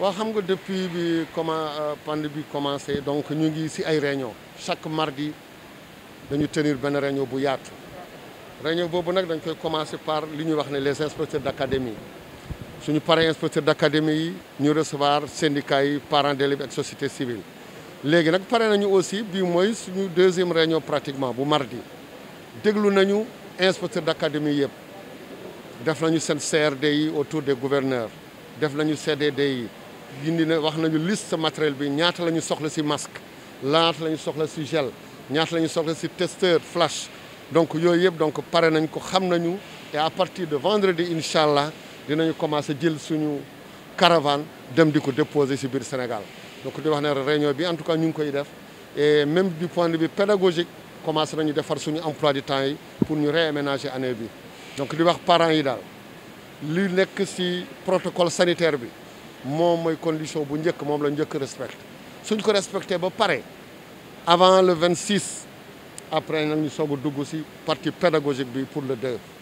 Nous xam depuis que euh, la pandémie a commencé donc ñu ngi ci réunion chaque mardi nous tenir une réunion bu yaatu réunion boobu par les inspecteurs d'académie Nous parlons inspecteurs d'académie nous recevons les syndicats les parents d'élèves la société civile léegi Nous nous nañu aussi bii deuxième réunion pratiquement bu mardi déglu les inspecteurs d'académie Nous avons Nous CRDI autour des gouverneurs nous avons une CDDI gindi na wax nañu liste matériel bi ñaata lañu soxla ci masque laat lañu soxla ci gel ñaata lañu soxla ci testeur flash donc yooyu yëpp donc paré nañ ko xam nañu et à partir de vendredi Inshallah, allah dinañu commencer jël suñu caravane dem diko déposer ci bir Sénégal donc di wax ne réunion bi en tout cas ñu koy def et même du point de vue pédagogique commencer nañu défar suñu emploi du temps pour ñu réaménager année bi donc di wax parents yi dal li nek ci protocole sanitaire bi c'est condition pour que nous le respecte. Si nous respecte, c'est pareil. Avant le 26, après, nous sommes parti pédagogique pour le 2.